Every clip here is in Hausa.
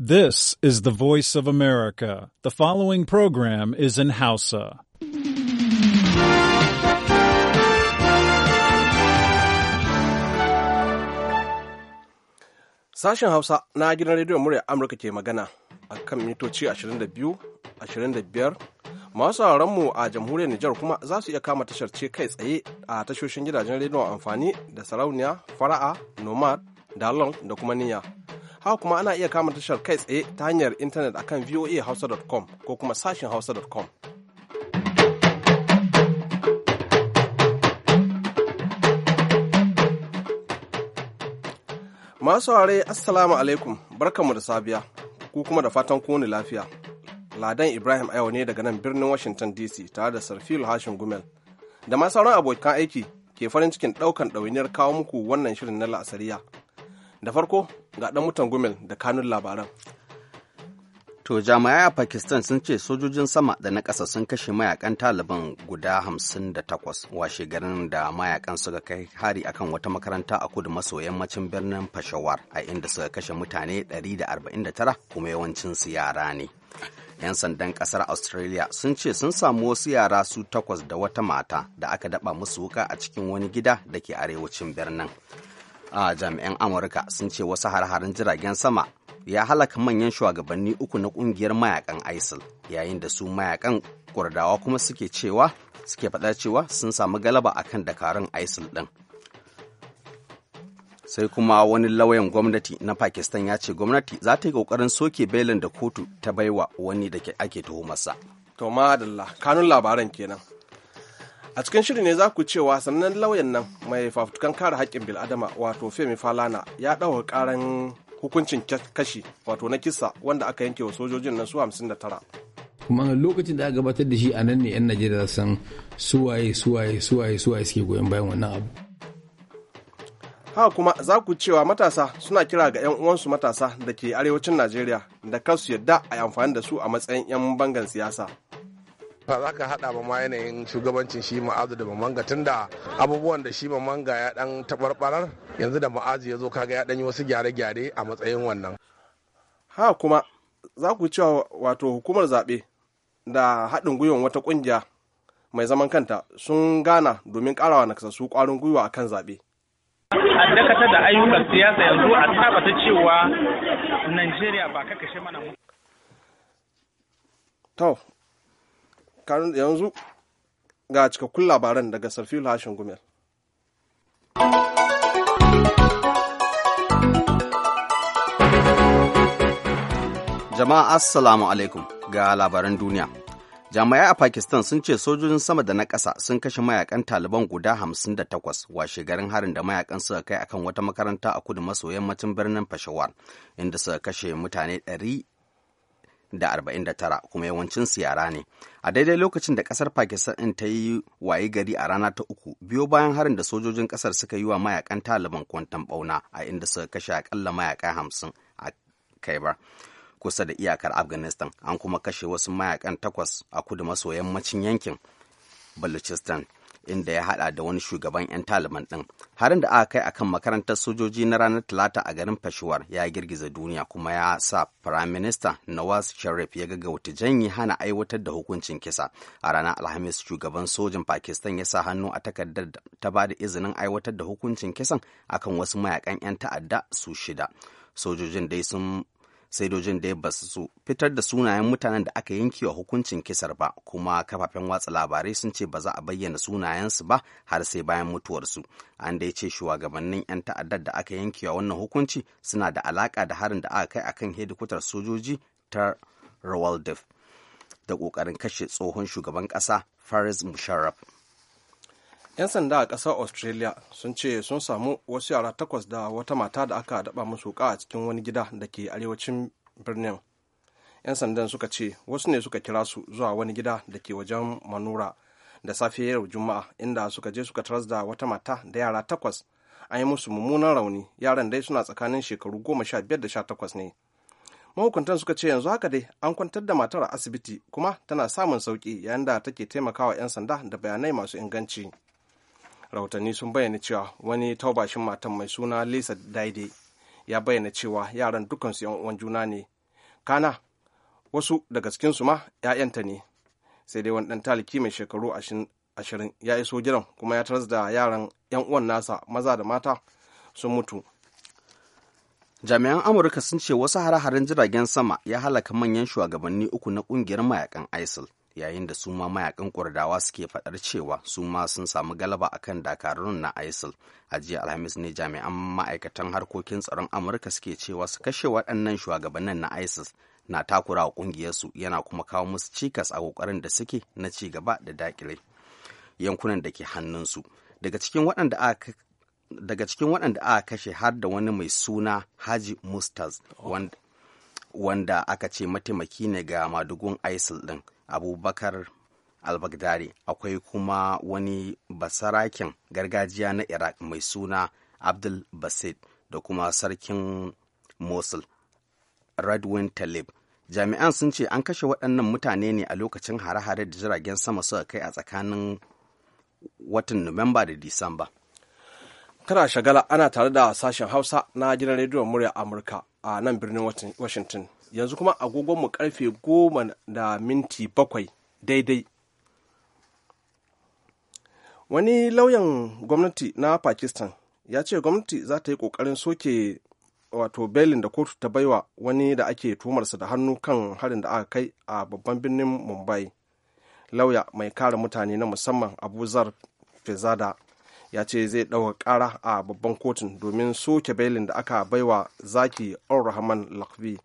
This is the voice of America. The following program is in Hausa. Sashen Hausa na gidan rediyon murya Amurka ke magana a kan mitoci 22, 25, masu mu a jamhuriyar Nijar kuma za su iya kama tashar ce kai tsaye a tashoshin gidajen rediyon amfani da sarauniya, fara'a, nomad, dalong da kuma niyya. haka kuma ana iya kama tashar kai tsaye ta hanyar intanet akan voahausa.com ko kuma sashen hausa.com Masu ware Assalamu alaikum, barkanmu da sabiya, ku kuma da fatan kowane lafiya. Ladan Ibrahim Ayo ne daga nan birnin Washington DC tare da Sarfil Hashin Gumel. Da ma sauran abokan aiki ke farin cikin ɗaukan ɗawainiyar kawo muku wannan shirin na la'asariya da farko ga dan mutan gumel da kanun labaran to jami'ai a pakistan sun ce sojojin sama da na kasa sun kashe mayakan taliban guda 58 washe garin da mayakan suka kai hari akan wata makaranta a kudu maso yammacin birnin peshawar a inda suka kashe mutane 149 kuma yawancin su yara ne 'yan sandan kasar australia sun ce sun samu wasu yara su takwas da wata mata da aka daba musu wuka a cikin wani gida da ke arewacin birnin a jami'an amurka sun ce wasu har-harin jiragen sama ya halaka manyan shugabanni uku na kungiyar mayakan isil yayin da su mayakan kurdawa kuma suke cewa suke faɗa cewa sun samu galaba akan dakarun isil ɗin sai kuma wani lauyan gwamnati na pakistan ya ce gwamnati za ta yi kokarin soke belin da kotu ta baiwa wani da ake tuhumarsa to madalla kanun labaran kenan a cikin shirin ne za ku cewa sannan lauyan nan mai fafutukan kare haƙƙin bil'adama wato femi falana ya ɗaura ƙaran hukuncin kashi wato na kisa wanda aka yanke wa sojojin nan su 59 kuma lokacin da aka gabatar da shi a nan ne 'yan najeriya san suwaye suwaye suwaye suwaye suke goyon bayan wannan abu haka kuma za ku cewa matasa suna kira ga 'yan uwansu matasa da ke arewacin najeriya da kansu yadda a yi amfani da su a matsayin 'yan bangan siyasa ba za ka haɗa ba ma yanayin shugabancin shi ma'azu da mamanga tun da abubuwan da shi mamanga ya ɗan taɓarɓarar yanzu da ma'azu ya zo kaga ya ɗan yi wasu gyare-gyare a matsayin wannan. ha kuma za ku cewa wato hukumar zaɓe da haɗin gwiwa wata ƙungiya mai zaman kanta sun gana domin ƙarawa nakasassu ƙwarin gwiwa a kan zaɓe. a dakatar da ayyukan siyasa yanzu a tabbata cewa najeriya ba kashe mana yanzu ga cikakkun labaran daga sarfilu hashin gumel jama'a assalamu alaikum ga labaran duniya jami'ai a pakistan sun ce sojojin sama da na ƙasa sun kashe mayakan taliban guda 58 washe garin harin da mayakan suka kai akan wata makaranta a kudu maso yammacin birnin peshawar inda suka kashe mutane 100 da tara kuma yawancinsu yara ne a daidai lokacin da kasar pakistan in ta yi waye gari a rana ta uku biyo bayan harin da sojojin kasar suka yi wa mayakan taliban kwantan bauna a inda suka kashe akalla mayaka hamsin a kaibar kusa da iyakar afghanistan an kuma kashe wasu mayakan takwas a kudu maso yammacin yankin balochistan inda ya hada da wani shugaban 'yan taliban ɗin harin da aka kai akan makarantar sojoji na ranar talata a garin peshawar ya girgiza duniya kuma ya sa prime minister nawaz sharif ya gaggauta janyi hana aiwatar da hukuncin kisa a ranar alhamis shugaban sojin pakistan ya sa hannu a takardar ta ba da izinin aiwatar da hukuncin kisan akan wasu mayakan 'yan ta'adda su shida sojojin dai sun sai dojin dai ba su fitar da sunayen mutanen da aka yanke wa hukuncin kisar ba kuma kafafen watsa labarai sun ce ba za a bayyana sunayensu ba har sai bayan mutuwarsu an dai ce shugabannin 'yan ta'addar da aka yanke wa wannan hukunci suna da alaka da harin da aka kai akan hedikwatar sojoji ta rawaldif da kokarin kashe tsohon shugaban kasa faris musharraf 'yan sanda a ƙasar australia sun ce sun samu wasu yara takwas da wata mata da aka daba musu wuƙa a cikin wani gida da ke arewacin birnin 'yan sandan suka ce wasu ne suka kira su zuwa wani gida da ke wajen manura da safe yau juma'a inda suka je suka taras da wata mata da yara takwas an yi musu mummunan rauni yaran dai suna tsakanin shekaru goma sha biyar da sha takwas ne mahukuntan suka ce yanzu haka dai an kwantar da matar a asibiti kuma tana samun sauki yayin da take taimakawa 'yan sanda da bayanai masu inganci rahotanni sun bayyana cewa wani taubashin matan mai suna lisa daidai ya bayyana cewa yaran dukansu yan uwan juna ne kana wasu daga cikinsu ma 'ya'yanta ne sai dai wani ɗan taliki mai shekaru ashirin ya iso gidan kuma ya taras da yaran 'yan uwan nasa maza da mata sun mutu jami'an amurka sun ce wasu hare-haren jiragen sama ya halaka manyan shugabanni uku na ƙungiyar mayakan isil yayin da su ma mayakan kurdawa suke fadar cewa su ma sun samu galaba akan dakarun na isil a jiya alhamis ne jami'an ma'aikatan harkokin tsaron amurka suke cewa su kashe waɗannan shugabannin na isis na takura wa ƙungiyarsu yana kuma kawo musu cikas a ƙoƙarin da suke na ci gaba da dakile yankunan da ke hannunsu daga cikin waɗanda aka daga cikin waɗanda aka kashe har da wani mai suna haji mustaz wanda aka ce mataimaki ne ga madugun isil ɗin abubakar albagdari akwai kuma wani basaraken gargajiya na iraq mai suna abdul basit da kuma sarkin mosul redwin talib jami'an sun ce an kashe waɗannan mutane ne a lokacin hare-hare da jiragen sama suka kai a tsakanin watan nuwamba da disamba kana shagala ana tare da sashen hausa na gidan rediyon murya amurka a nan birnin washington yanzu kuma agogonmu karfe goma da minti bakwai daidai wani lauyan gwamnati na pakistan ya ce gwamnati za ta yi kokarin soke wato belin da kotu ta baiwa wani da ake tumarsa da hannu kan harin da aka kai a babban birnin mumbai lauya mai kare mutane na musamman abuzar fezada ya ce zai ɗauka ƙara a babban kotun domin soke belin da aka baiwa zaki alrahman rahman lakbi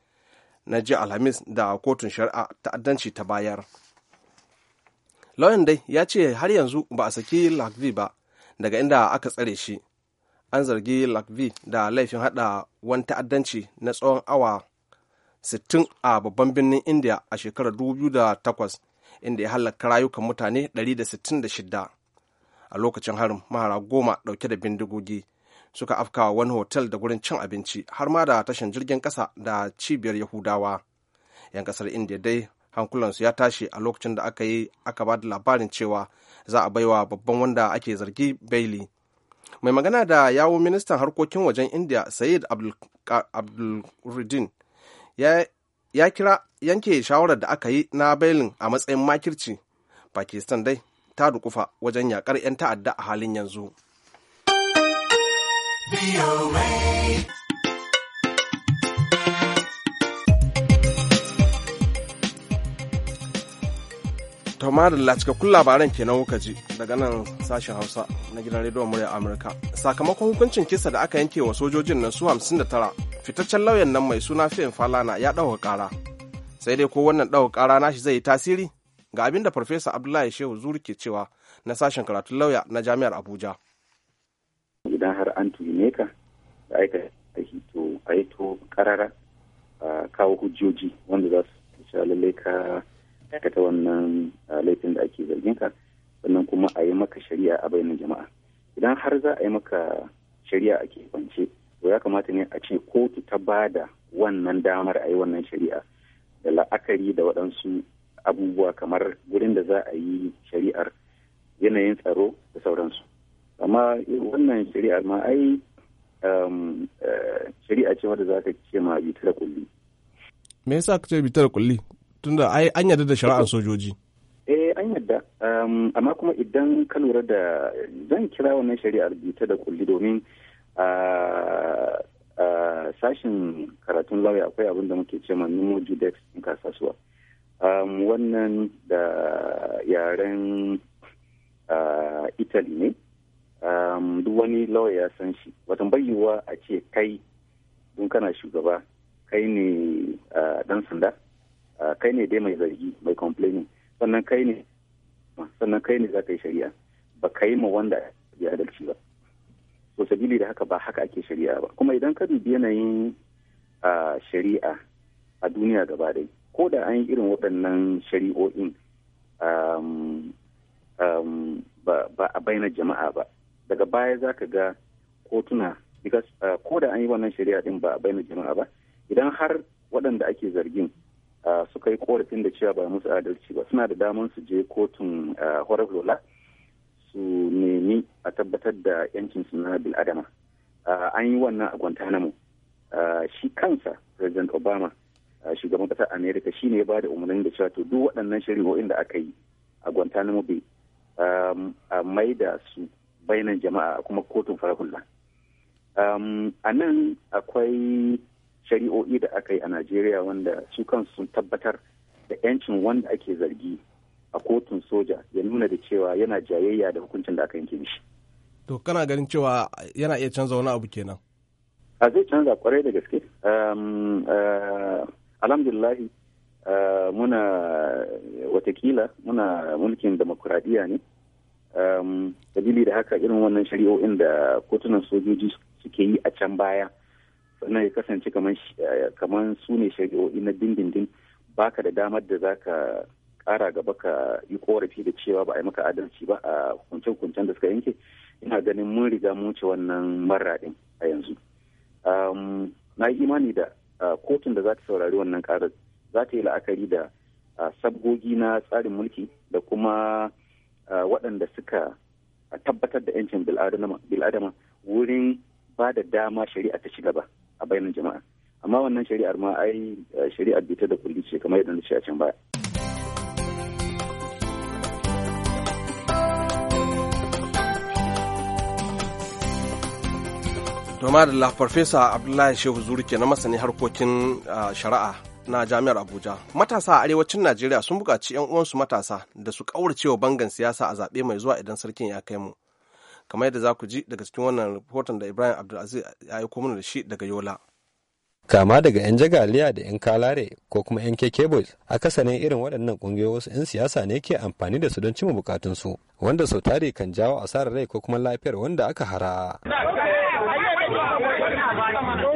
na ji alhamis da kotun shari'a ta'addanci ta bayar lauyan dai ya ce har yanzu ba a saki lakvi ba daga inda aka tsare shi an zargi lakvi da laifin hada wani ta'addanci na tsawon awa 60 a babban birnin india a shekarar 2008 inda ya halaka rayukan mutane 166 a lokacin harin mahara goma dauke da bindigogi suka afkawa wani hotel da gurin cin abinci har ma da tashin jirgin ƙasa da cibiyar yahudawa 'yan ƙasar india dai hankulansu ya tashi a lokacin da aka yi aka ba da labarin cewa za a baiwa babban wanda ake zargi bailey mai magana da yawo ministan harkokin wajen india sayid abdulruddin ya kira yanke shawarar da aka yi na bailin a matsayin makirci pakistan dai ta dukufa wajen yakar 'yan ta'adda a halin yanzu. Tomar da cikakkun labaran kenan kuka ji daga nan sashen Hausa na gidan rediyon murya Amurka. Sakamakon hukuncin kisa da aka yanke wa sojojin nan su 59 fitaccen lauyan nan mai suna Fim Falana ya ɗauka ƙara. Sai dai ko wannan ɗauka ƙara shi zai yi tasiri ga abin da Farfesa Abdullahi Shehu Zuri ke cewa na sashen karatun lauya na Jami'ar Abuja. idan har an tuhume ka da aika hito a yi to karara a kawo hujjoji wanda za su cewa lallai ka dakata wannan laifin da ake zargin ka sannan kuma a yi maka shari'a a bayanin jama'a idan har za a yi maka shari'a a kwance to ya kamata ne a ce kotu ta ba da wannan damar a yi wannan shari'a da la'akari da waɗansu abubuwa kamar gurin da za a yi shari'ar yanayin tsaro da sauransu amma wannan shari'a ma ai um, eh, shari'a ce wadda za ka ce ma bitar kulli me yasa ka ce bitar kulli tunda ai an yarda da shari'ar sojoji eh an yarda um, amma kuma idan ka lura da zan kira wannan shari'ar bita da kulli domin sashin karatun lauya akwai abin da muke ce ma nemo judex in kasasuwa um, wannan da yaren italy ne Um, duk wani lawyer ya san shi watan bayyuwa a ce kai dun kana shugaba kai ne dan uh, sanda uh, kai ne dai mai zargi mai complaining sannan kai ne sannan kai ne za ka yi shari'a ba ka yi ma wanda ya adalci ba to sabili da haka ba haka ake shari'a ba kuma idan ka dubi yanayin uh, shari'a a duniya gaba dai ko da an yi irin waɗannan shari'o'in um, um, ba a bayyana jama'a ba daga baya za ka ga kotuna because uh, ko da an yi wannan shari'a din ba a bayyana jama'a ba idan har waɗanda ake zargin uh, suka yi korafin da cewa ba musu adalci ba suna da daman su je kotun horar uh, lola su nemi a tabbatar da yancin su na adama an yi wannan a guantanamo shi kansa president obama shugaban ƙasar america shi ne ya ba da umarnin da cewa to duk waɗannan shari'o'in da aka yi a guantanamo bai um, a maida su bayanan jama'a kuma kotun farahulla um, a nan akwai shari'o'i da aka yi a najeriya wanda su kansu sun tabbatar da 'yancin wanda ake zargi a kotun soja ya nuna da cewa yana jayayya da hukuncin da aka yanke mishi to kana ganin cewa yana iya canza wani abu kenan a zai canza kwarai da gaske um, uh, alhamdulillahi uh, muna watakila muna mulkin demokuraɗiyya ne Um, dalili da haka irin wannan shari'o'in da kotunan sojoji suke yi a can baya sannan ya kasance kamar eh, su ne shari'o'i na dindindin baka da damar da za ka kara gaba ka yi korafi da cewa ba a yi maka adalci ba a hukunce-hukuncen da suka yanke ina ganin mun riga mun wuce wannan maraɗin din a yanzu um, na yi imani da kotun da za ta saurari wannan karar za ta yi la'akari da sabgogi na tsarin mulki da kuma waɗanda suka tabbatar da 'yancin bil'adama wurin ba da dama shari'a ta ci gaba a bayanan jama'a amma wannan shari'ar ma ai shari'ar bita da kulli ce kamar yadda ce a can baya. Toma da Farfesa Abdullahi Shehu Zuri ke na masani harkokin shari'a na jami'ar abuja matasa a arewacin najeriya sun buƙaci 'yan uwansu matasa da su kauracewa bangan siyasa a zaɓe mai zuwa idan sarkin ya kai mu kamar yadda za ku ji daga cikin wannan rahoton da ibrahim abdulaziz ya yi mana da shi daga yola kama daga 'yan jagaliya da 'yan kalare ko kuma 'yan keke boys akasarin irin waɗannan ƙungiyoyi wasu 'yan siyasa ne ke amfani da su don cimma bukatunsu wanda sau tare kan jawo asarar rai ko kuma lafiyar wanda aka hara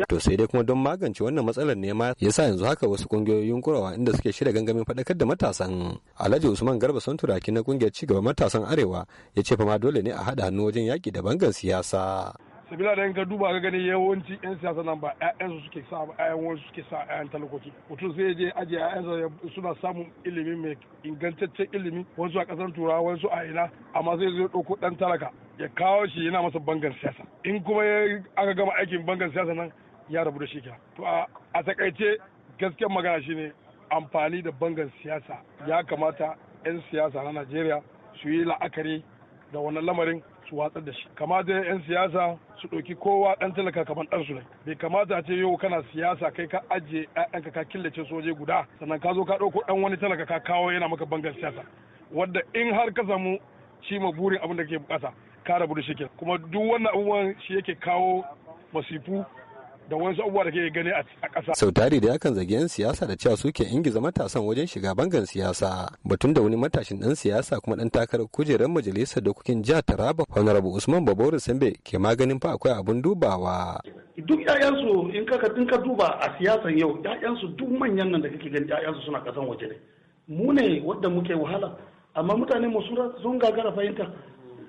to sai dai kuma don magance wannan matsalar ne ma sa yanzu haka wasu kungiyoyin kurawa inda suke shirya gangamin faɗakar da matasan alhaji usman garba sun turaki na kungiyar gaba matasan arewa ya ce fa ma dole ne a haɗa hannu wajen yaƙi da bangan siyasa sabila da ka duba ka gani yawanci yan siyasa nan ba ƴaƴan su suke sa ba ƴaƴan wasu suke sa ƴaƴan talakoki mutum sai je aje ƴaƴan sa suna samun ilimi mai ingantaccen ilimi wasu a ƙasar turawa wasu a ina amma sai zai ɗauko ɗan talaka ya kawo shi yana masa bangar siyasa in kuma aka gama aikin bangar siyasa nan ya rabu da shi kenan to a takaice gasken magana shine amfani da bangan siyasa ya kamata 'yan siyasa na najeriya su yi la'akari da wannan lamarin su watsar da shi kamata 'yan siyasa su ɗauki kowa ɗan talaka kamar ɗansu ne bai kamata ce yau kana siyasa kai ka ajiye ɗanka ka killace soje guda sannan ka zo ka ɗauko ɗan wani talaka ka kawo yana maka bangar siyasa wadda in har ka samu shi ma burin abin da ke bukata ka rabu da shi kuma duk wannan abubuwan shi yake kawo masifu da wani abubuwa da ke gani a ƙasa. sau tari da yakan zagi 'yan siyasa da cewa suke ingiza matasan wajen shiga bangan siyasa batun da wani matashin ɗan siyasa kuma ɗan takarar kujerar majalisar dokokin jihar taraba honorable usman babawar sambe ke maganin fa akwai abun dubawa. duk 'ya'yansu in ka in ka duba a siyasan yau 'ya'yansu duk manyan nan da kake gani 'ya'yansu suna ƙasan waje ne mu ne wadda muke wahala amma mutane mu sun gagara fahimta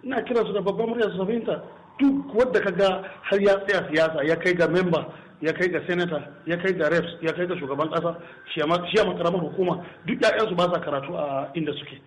ina kira su da babban murya su fahimta duk wadda ka ga har ya tsaya siyasa ya kai ga memba ya kai ga senator ya kai ga reps ya kai ga shugaban kasa shi ya karamar hukuma duk ya'yansu ba sa karatu a inda suke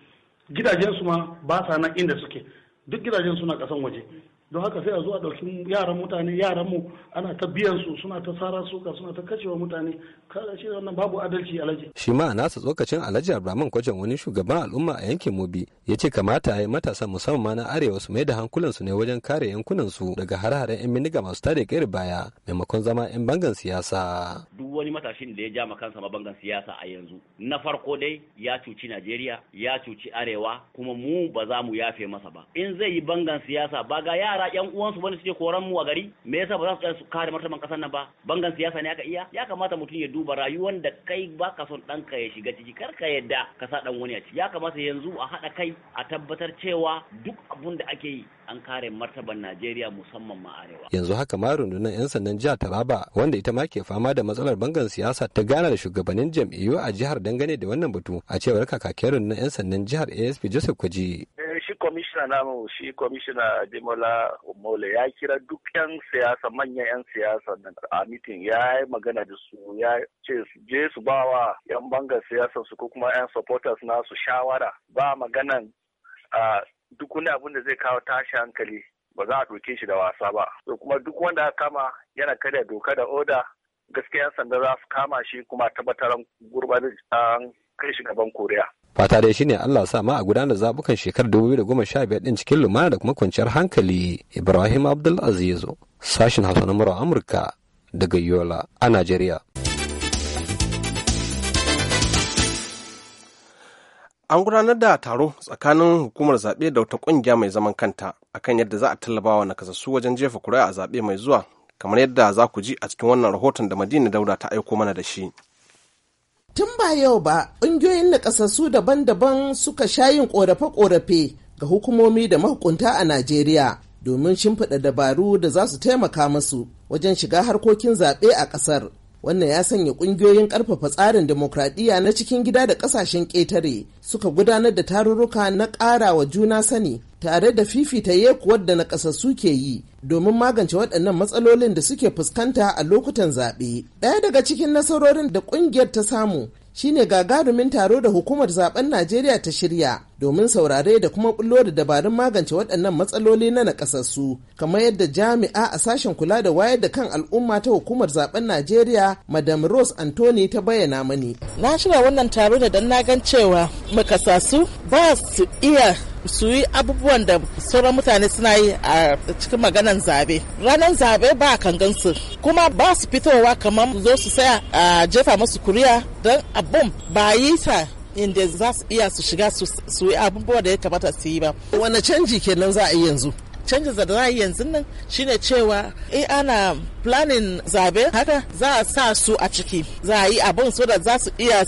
gidajensu ma ba sa nan inda suke duk gidajen suna kasan waje don haka sai a zo a ɗauki yaran mutane yaran mu ana ta biyan su suna ta sara suka suna ta kacewa mutane kada shi wannan babu adalci alaji shi ma nasa tsokacin alhaji abraman kwajan wani shugaban al'umma a yankin mobi ya ce kamata ya yi matasa musamman na arewa su mai da hankulansu ne wajen kare yankunan su daga har-haren yan miniga masu tare kairi baya maimakon zama yan bangan siyasa duk wani matashin da ya ja kansa ma bangan siyasa a yanzu na farko dai ya cuci najeriya ya cuci arewa kuma mu ba za mu yafe masa ba in zai yi bangan siyasa ba ga ya yara yan uwansu wani suke koran mu a gari me yasa ba za su kare martaban kasar nan ba bangan siyasa ne aka iya ya kamata mutum ya duba rayuwar da kai ba ka son ka ya shiga ciki kar ka yadda ka sa ɗan wani a ciki ya kamata yanzu a haɗa kai a tabbatar cewa duk abun da ake yi an kare martaban Najeriya musamman ma arewa yanzu haka ma rundunar yan sandan jihar Taraba wanda ita ma ke fama da matsalar bangan siyasa ta gana da shugabannin jam'iyyu a jihar dangane da wannan batu a cewar kakakin rundunar yan sandan jihar ASP Joseph Kwaji eh, kwamishina namu shi kwamishina Ademola Omole ya kira duk 'yan siyasa manyan 'yan siyasa a mitin ya yi magana da su ya ce su je su ba wa 'yan bangar siyasa su ko kuma 'yan supporters na su shawara ba maganan a duk wani abin da zai kawo tashi hankali ba za a ɗauke shi da wasa ba. So kuma duk wanda aka kama yana karya doka da oda gaskiya sanda za su kama shi kuma tabbatar gurbanin kai shi gaban Koriya. fata dai shine Allah sa ma a gudanar zabukan shekarar 2015 din cikin lumana da kuma kwanciyar hankali Ibrahim Abdul Aziz sashin Hausa na Amurka daga Yola a Najeriya an gudanar da taro tsakanin hukumar zaɓe da wata ƙungiya mai zaman kanta akan yadda za a tallabawa nakasassu wajen jefa kuri'a a zaɓe mai zuwa kamar yadda za ku ji a cikin wannan rahoton da madina dauda ta aiko mana da shi Tun ba yau ba, ƙungiyoyin nakasassu daban-daban suka sha yin ƙorafe-ƙorafe ga hukumomi da mahukunta a Najeriya domin shimfiɗa dabaru da za su taimaka musu wajen shiga harkokin zaɓe a ƙasar. Wannan ya sanya ƙungiyoyin ƙarfafa tsarin demokradiyya na cikin gida da ƙasashen ƙetare suka gudanar da tarurruka na ƙara wa juna sani tare da fifita wadda da nakasassu ke yi domin magance waɗannan matsalolin da suke fuskanta a lokutan zaɓe. Ɗaya daga cikin nasarorin da ƙungiyar ta samu shine gagarumin taro da hukumar zaben Najeriya ta shirya domin saurare da kuma bullo da dabarun magance waɗannan matsaloli na nakasassu kamar yadda jami'a a sashen kula da wayar da kan al'umma ta hukumar zaben Najeriya Madam Rose Anthony ta bayyana mani. Na shirya wannan taro da dan na gan cewa makasasu ba su iya su yi abubuwan da sauran mutane suna yi a cikin maganan zabe ranar zabe ba kan gansu kuma ba su fitowa kamar zo su saya a jefa musu kuriya don abun ba yi ta inda za su iya su shiga su yi abubuwa da ya kamata su yi ba wani canji kenan za a yi yanzu canjin da za a yi yanzu nan shine cewa in ana planning zabe haka za a sa su a ciki za a yi abun so da za su iya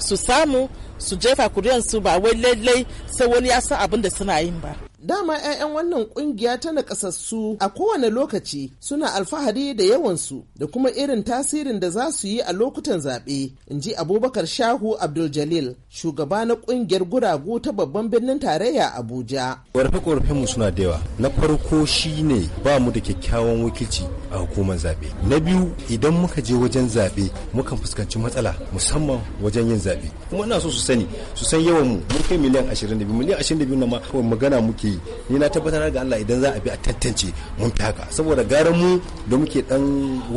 su samu su jefa kuriyar su ba wai lallai sai wani ya san abin da suna yin ba dama 'ya'yan wannan kungiya ta nakasassu a kowane lokaci suna alfahari da yawansu da kuma irin tasirin da za su yi a lokutan zaɓe in ji abubakar shahu abdul jalil shugaba na kungiyar guragu ta babban birnin tarayya abuja ƙorafe mu suna da yawa na farko shine ba mu da kyakkyawan wakilci a hukumar zaɓe na biyu idan muka je wajen zaɓe mukan fuskanci matsala musamman wajen yin zaɓe kuma ina so su sani su san yawan mu mun kai miliyan biyu miliyan ashirin biyu na ma magana muke yi ni na tabbatar ga Allah idan za a bi a tantance mun fi haka saboda garan mu da muke dan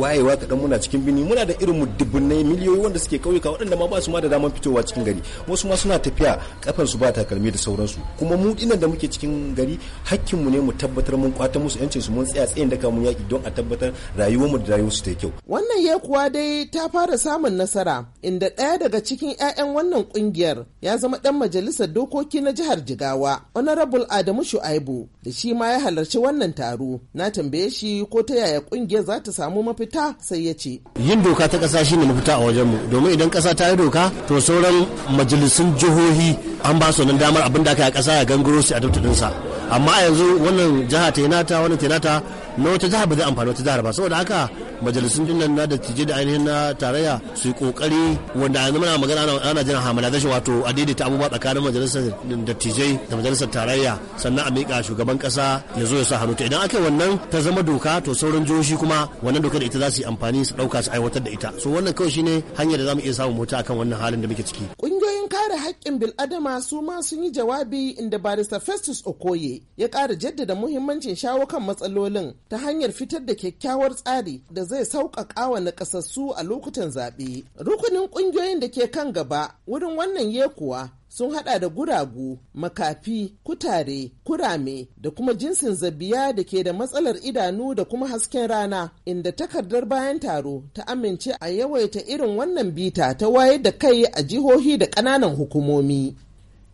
wayewa kaɗan muna cikin bini muna da irin mu dubbunai miliyoyi wanda suke kauyuka waɗanda ma ba su ma da daman fitowa cikin gari wasu ma suna tafiya kafan su ba takalmi da sauransu kuma mu dinan da muke cikin gari hakkin mu ne mu tabbatar mun kwata musu yancin su mun tsaya tsayin da mun yaki don a tabbatar rayuwar mu da rayuwar su ta kyau wannan ya kuwa dai ta fara samun nasara inda ɗaya daga cikin 'ya'yan wannan kungiyar ya zama dan majalisar dokoki na jihar Jigawa honorable Adamu Shu'aibu da shi ma ya halarci wannan taro na tambaye shi ko ta yaya kungiyar za ta samu mafita sai ya ce yin doka ta kasa shine mafita a wajenmu domin idan kasa ta yi doka to sauran majalisun jihohi an ba su nan damar abin da aka yi a kasa ya gangaro su a dabtudinsa amma yanzu wannan jiha ta yi nata wannan ta na wata jihar ba zai amfani wata jihar ba saboda haka majalisun dinnan na da tije da ainihin na tarayya su yi kokari wanda yanzu muna magana ana jiran zai wato a ta abubuwa tsakanin majalisar dattijai da majalisar tarayya sannan a miƙa shugaban ƙasa ya zo ya sa hannu to idan aka wannan ta zama doka to sauran jihohi kuma wannan doka da ita za su yi amfani su ɗauka su aiwatar da ita so wannan kawai shine hanyar da za mu iya samun mota akan wannan halin da muke ciki ƙungiyoyin kare haƙƙin bil'adama su ma sun yi jawabi inda barista festus okoye ya ƙara jaddada muhimmancin shawo kan matsalolin ta hanyar fitar da kyakkyawar tsari da zai sauƙaƙa wa nakasassu a lokutan zaɓe. Rukunin ƙungiyoyin da ke kan gaba wurin wannan yekuwa sun hada da guragu, makafi, kutare, kurame da kuma jinsin zabiya da ke da matsalar idanu da kuma hasken rana inda takardar bayan taro ta amince a yawaita irin wannan bita ta wayar da kai a jihohi da ƙananan hukumomi.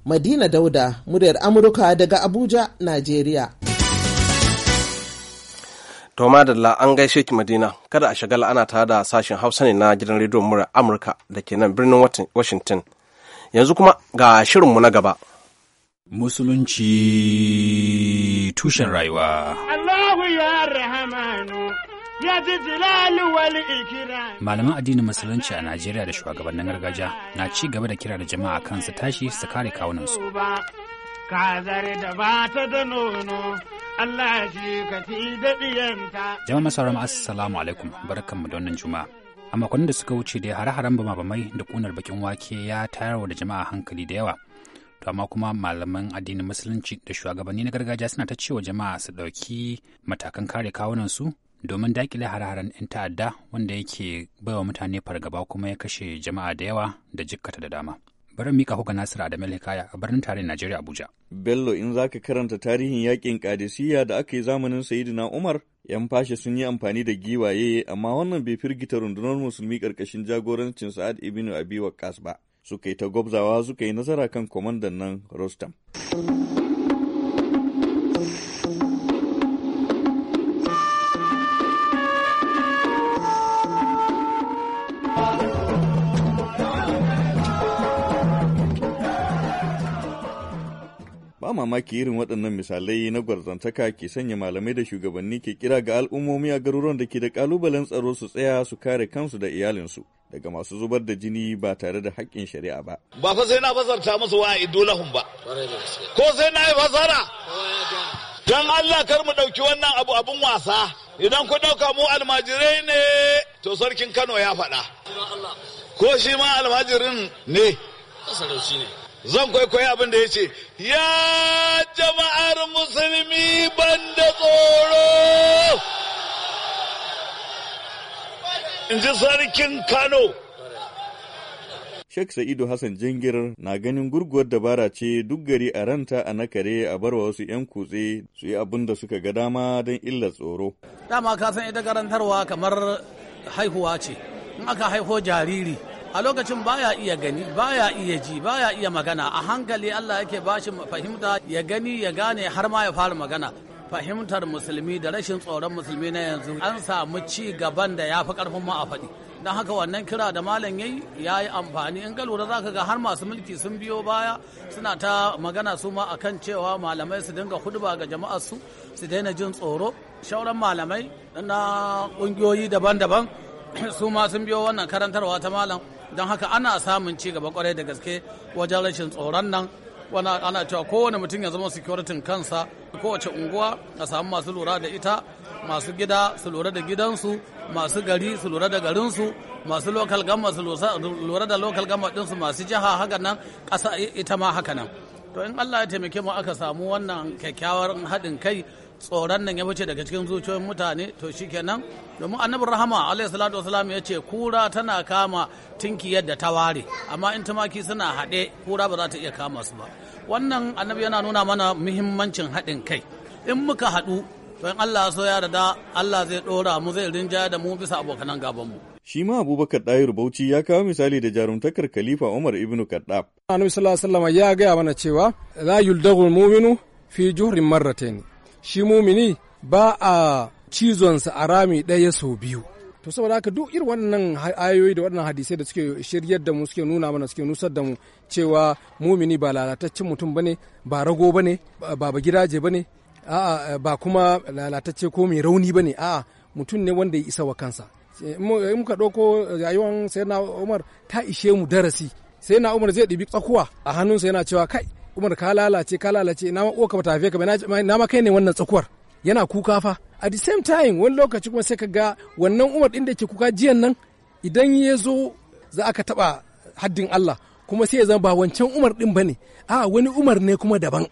Madina Dauda, muryar Amurka daga Abuja, Najeriya. To madalla an gaishe ki Madina, kada a shagala ana tare da sashen Hausa ne na gidan rediyon murar Amurka da ke nan birnin Washington. Yanzu kuma ga shirinmu na gaba. Musulunci tushen rayuwa. Allahu ya rahamanu ya ji wal ikira. Malaman addinin Musulunci a Najeriya da shugabannin gargajiya na ci gaba da kira da jama'a su tashi su kare kawunansu. Kazar da bata da nono. Allah shi ka fi daɗiyanta. Jama'a masarar assalamu alaikum mu da wannan juma'a. A makonnin da suka wuce da hare-haren bama-bamai da ƙunar bakin wake ya tayar da jama'a hankali da yawa. To amma kuma malaman addinin musulunci da shugabanni na gargajiya suna ta cewa jama'a su ɗauki matakan kare kawunansu domin daƙile hare-haren 'yan ta'adda wanda yake baiwa mutane fargaba kuma ya kashe jama'a da yawa da jikkata da dama. bari mika kuka Nasiru Adamu Kaya a birnin tarihin Najeriya Abuja. Bello in zaka karanta tarihin yakin Kadisiya da aka yi zamanin sayidina Umar, yan fashe sun yi amfani da giwaye amma wannan bai firgita rundunar musulmi karkashin jagorancin Sa'ad ibn Abi Waqqas ba. Suka yi ta gwabzawa suka yi nasara kan kwamandan nan Rostam. Ba mamaki irin waɗannan misalai na gwarzantaka ke sanya malamai da shugabanni ke kira ga al'ummomi a garuruwan da ke da ƙalubalen tsaro su tsaya su kare kansu da iyalinsu daga masu zubar da jini ba tare da haƙƙin shari'a ba. Ba fa sai na fasarta musu wa idulahum ba. Ko sai na yi fasara. Don Allah kar mu ɗauki wannan abu abun wasa. Idan ku ɗauka mu almajirai ne to sarkin Kano ya faɗa. Ko shi ma almajirin ne. zan kwaikwayo abin da ya ce ya jama'ar musulmi banda tsoro in ji sarkin kano Sheikh Sa'idu Hassan Jingir na ganin gurguwar dabara ce duk gari a ranta a nakare a barwa wasu 'yan kutse su yi abin da suka ga dama don illa tsoro. Dama ka san ita karantarwa kamar haihuwa ce, in aka haiho jariri a lokacin baya iya gani baya iya ji baya iya magana a hankali Allah yake bashi fahimta ya gani ya gane har ma ya fara magana fahimtar musulmi da rashin tsoron musulmi na yanzu an samu ci gaban da ya fi karfin ma a faɗi don haka wannan kira da malam yayi ya yi amfani in ka lura zaka ga har masu mulki sun biyo baya suna ta magana su ma akan cewa malamai su dinga hudba ga jama'ar su su daina jin tsoro shauran malamai na ƙungiyoyi daban-daban su ma sun biyo wannan karantarwa ta malam don haka ana samun ci gaba kwarai da gaske wajen rashin tsoron nan wani ana cewa kowane mutum ya zama security kansa kowace unguwa a samu masu lura da ita masu gida su lura da gidansu masu gari su lura da garinsu masu local gama su lura da local gama masu jiha haka nan ƙasa ita ma haka nan to in allah ya taimake mu aka samu wannan kyakkyawar haɗin kai tsoron nan ya fice daga cikin zuciyoyin mutane to shikenan domin annabi rahama alayhi salatu wasalam ya ce kura tana kama tinki yadda ta ware amma in tumaki suna haɗe kura ba za ta iya kama su ba wannan annabi yana nuna mana muhimmancin haɗin kai in muka haɗu to in Allah so ya da Allah zai ɗora mu zai rinja da mu bisa abokanan gaban mu shi ma abubakar ɗayar bauchi ya kawo misali da jarumtakar khalifa umar ibn kadda. annabi sallallahu alaihi wasallam ya gaya mana cewa la yuldaghul mu'minu fi juhrin marratayn shi mumini ba a cizonsa a rami ɗaya sau biyu to saboda haka duk irin wannan ayoyi da wannan hadisai da suke shiryar da mu suke nuna mana suke nusar da mu cewa mumini ba lalataccen mutum bane ba rago bane ba ba gidaje bane a'a ba kuma lalatacce ko mai rauni bane a'a mutum ne wanda ya isa wa kansa eh, in muka ɗauko rayuwar sai na umar ta ishe mu darasi sai na umar zai ɗibi tsakuwa a hannunsa yana cewa kai umar ka lalace ka lalace na uwa uwarka tafe ka na ma kai ne wannan tsakuwar yana kuka fa at the same time wani lokaci kuma sai ka ga wannan umar din da ke kuka jiyan nan idan ya zo za aka taba haddin Allah kuma sai ya zama ba wancan umar din ba ne a wani umar ne kuma daban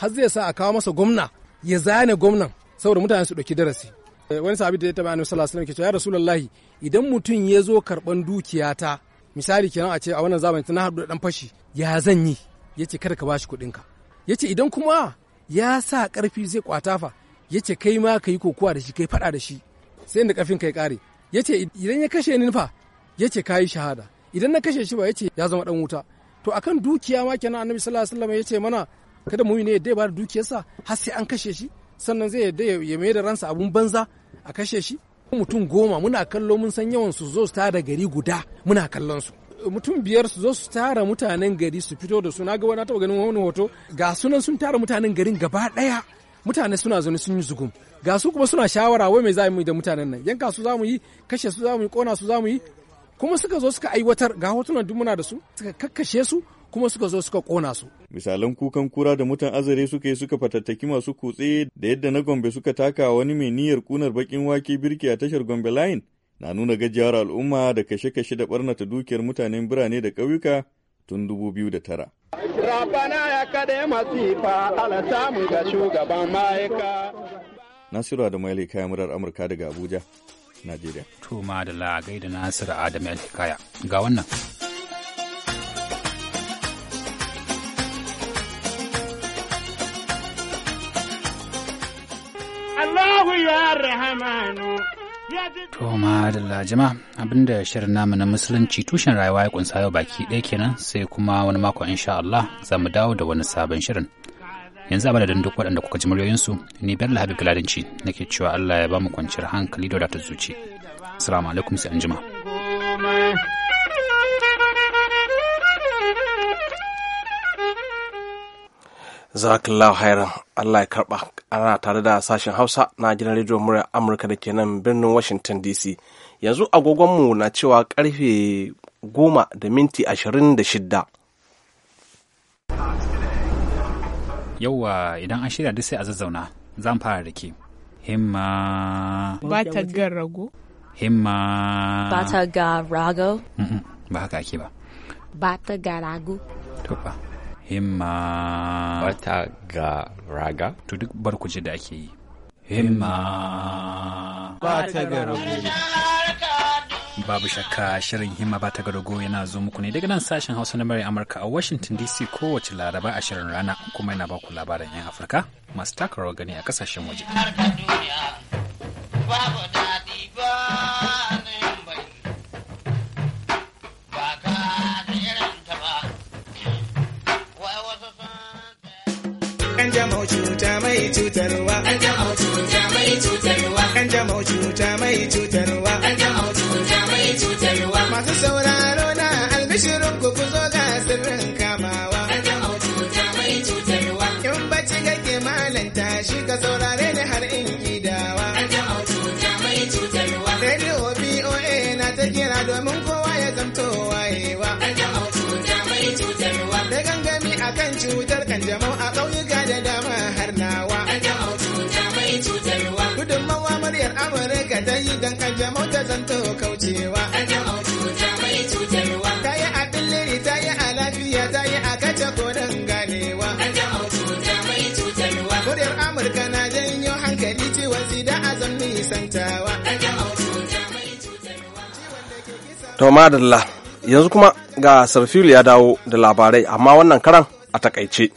har zai sa a kawo masa gwamna ya zane gwamnan saboda mutane su dauki darasi eh, wani sabi da ya taba annabi sallallahu alaihi wasallam ke cewa ya rasulullahi idan mutum ya zo karban dukiyata misali kenan a ce a wannan zamani na haɗu da dan fashi ya zan yi ya ce kada ka ba shi kuɗinka ya ce idan kuma ya sa ƙarfi zai kwata fa ya ce kai ma ka yi kokowa da shi kai faɗa da shi sai inda ƙarfin kai ƙare ya ce idan ya kashe ni fa ya ce ka yi shahada idan na kashe shi ba ya ce ya zama ɗan wuta to akan dukiya ma kenan annabi sallallahu alaihi wasallam ya ce mana kada mu yi ne yadda ya bada dukiyarsa har sai an kashe shi sannan zai yadda ya mai da ransa abun banza a kashe shi mutum goma muna kallo mun san yawan su zo su da gari guda muna kallon su mutum biyar su zo su tara mutanen gari su fito da su na ga wani taɓa ganin wani hoto ga sunan sun tara mutanen garin gaba ɗaya mutane suna zaune sun yi zugum ga su kuma suna shawara wai me za mu yi da mutanen nan yanka su za mu yi kashe su za mu yi kona su za mu yi kuma suka zo suka aiwatar ga hotunan duk muna da su suka kakkashe su kuma suka zo suka kona su. Misalan kukan kura da mutan azare suka yi suka fatattaki masu kutse da yadda na Gombe suka taka wani mai niyyar kunar bakin wake birki a tashar Gombe Line na nuna gajiyar al'umma da kashe-kashe da barnata dukiyar mutanen birane da ƙauyuka tun 2009. Rabana ya kada ya masifa shugaban Nasiru Adamu Ali kaya murar Amurka daga Abuja, Najeriya. Tuma da lagai da Nasiru Adamu Ali kaya ga wannan. Allahu ya rahamanu To ma da jama abinda shirin namu na musulunci tushen rayuwa ya kunsa yau baki ɗaya kenan sai kuma wani mako insha Allah za mu dawo da wani sabon shirin. Yanzu a duk waɗanda kuka ji muryoyinsu ni Bello Habib Galadinci nake cewa Allah ya ba mu kwanciyar hankali da wadatar zuci. Assalamu alaikum sai an jima. Zakallahu hairan Allah ya karba ana tare da sashen Hausa na jiran rediyo murya Amurka da ke nan birnin Washington DC. Yanzu agogonmu na cewa karfe goma da minti ashirin da shidda. Yauwa idan an shirya duk sai a zazzauna zan fara da ke. Himma. Ba ta ga rago. Himma. Ba ta ga rago. Ba haka ake ba. Ba ta ga rago. himma wata ga raga to duk barkuce da ake yi himma ba ta rago babu shakka shirin himma bata ga rago yana zo muku ne daga nan sashen hausa na murya amurka a washington dc kowace laraba a shirin rana kuma yana baku labaran 'yan afirka masu takarwa gani a kasashen waje cuta mai cutarwa. Kanjamau cuta mai cutarwa. cuta mai cutarwa. Kanjamau cuta mai cutarwa. Masu sauraro na albishirin ku ku zo ga sirrin kamawa. cuta mai cutarwa. In bacci kake malanta shi ka saurare ni har in gidawa. cuta mai cutarwa. Radio BOA na ta kira domin kowa ya zamto wayewa. cuta mai cutarwa. Da gangami akan cutar kanjamau a ƙauyuka. Amurka ta yi don kanjamau ta zanto kaucewa. Kanjamau cuta mai cutarwa. Ta yi a billiri ta yi a lafiya ta yi a kace koren ganewa. Kanjamau cuta mai cutarwa. Muryar Amurka na janyo hankali ciwon sida a zan nisantawa. Kanjamau cuta mai cutarwa. To madalla yanzu kuma ga Sarfilu ya dawo da labarai amma wannan karan a takaice.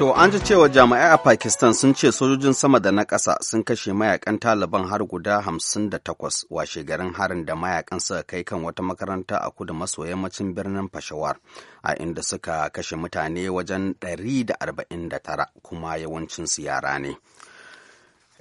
To an ji cewa jami'ai a Pakistan sun ce sojojin sama da na ƙasa sun kashe mayakan Taliban har guda hamsin da takwas washe garin harin da mayakan suka kai kan wata makaranta a kudu maso yammacin birnin Peshawar a inda suka kashe mutane wajen ɗari da da arba'in tara kuma yawancin su yara ne.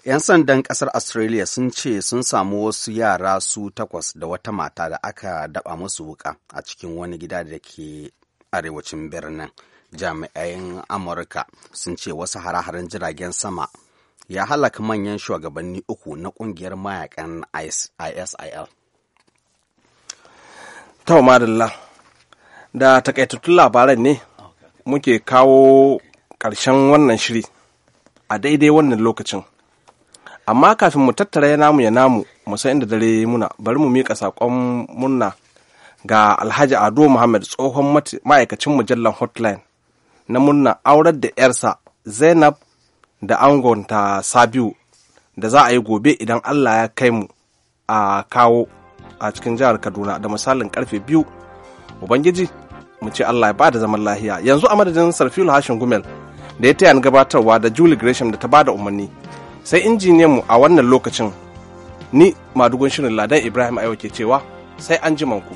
'Yan sandan ƙasar Australia sun ce sun samu wasu yara su takwas da wata mata da aka daba musu wuka a cikin wani gida da ke arewacin birnin. jami'an amurka sun ce wasu hare-haren jiragen sama ya halaka manyan shugabanni uku na kungiyar mayakan isil taumarilla da takaitattun labaran ne muke kawo ƙarshen wannan shiri a daidai wannan lokacin amma kafin mu tattara ya namu ya namu mu inda dare muna bari mu miƙa saƙon murna ga alhaji ado muhammad tsohon ma'aikacin mujallar hotline na murna aurar da 'yarsa zainab da angonta sabiu da za a yi gobe idan allah ya kai mu a kawo a cikin jihar kaduna da misalin karfe biyu ubangiji mu ce allah ya ba da zaman lahiya yanzu a madadin sarfilu hashin gumel da ya taya gabatarwa da julie gresham da ta ba da umarni sai injiniyan mu a wannan lokacin ni madugun shirin ladan ibrahim ayo ke cewa sai an ku.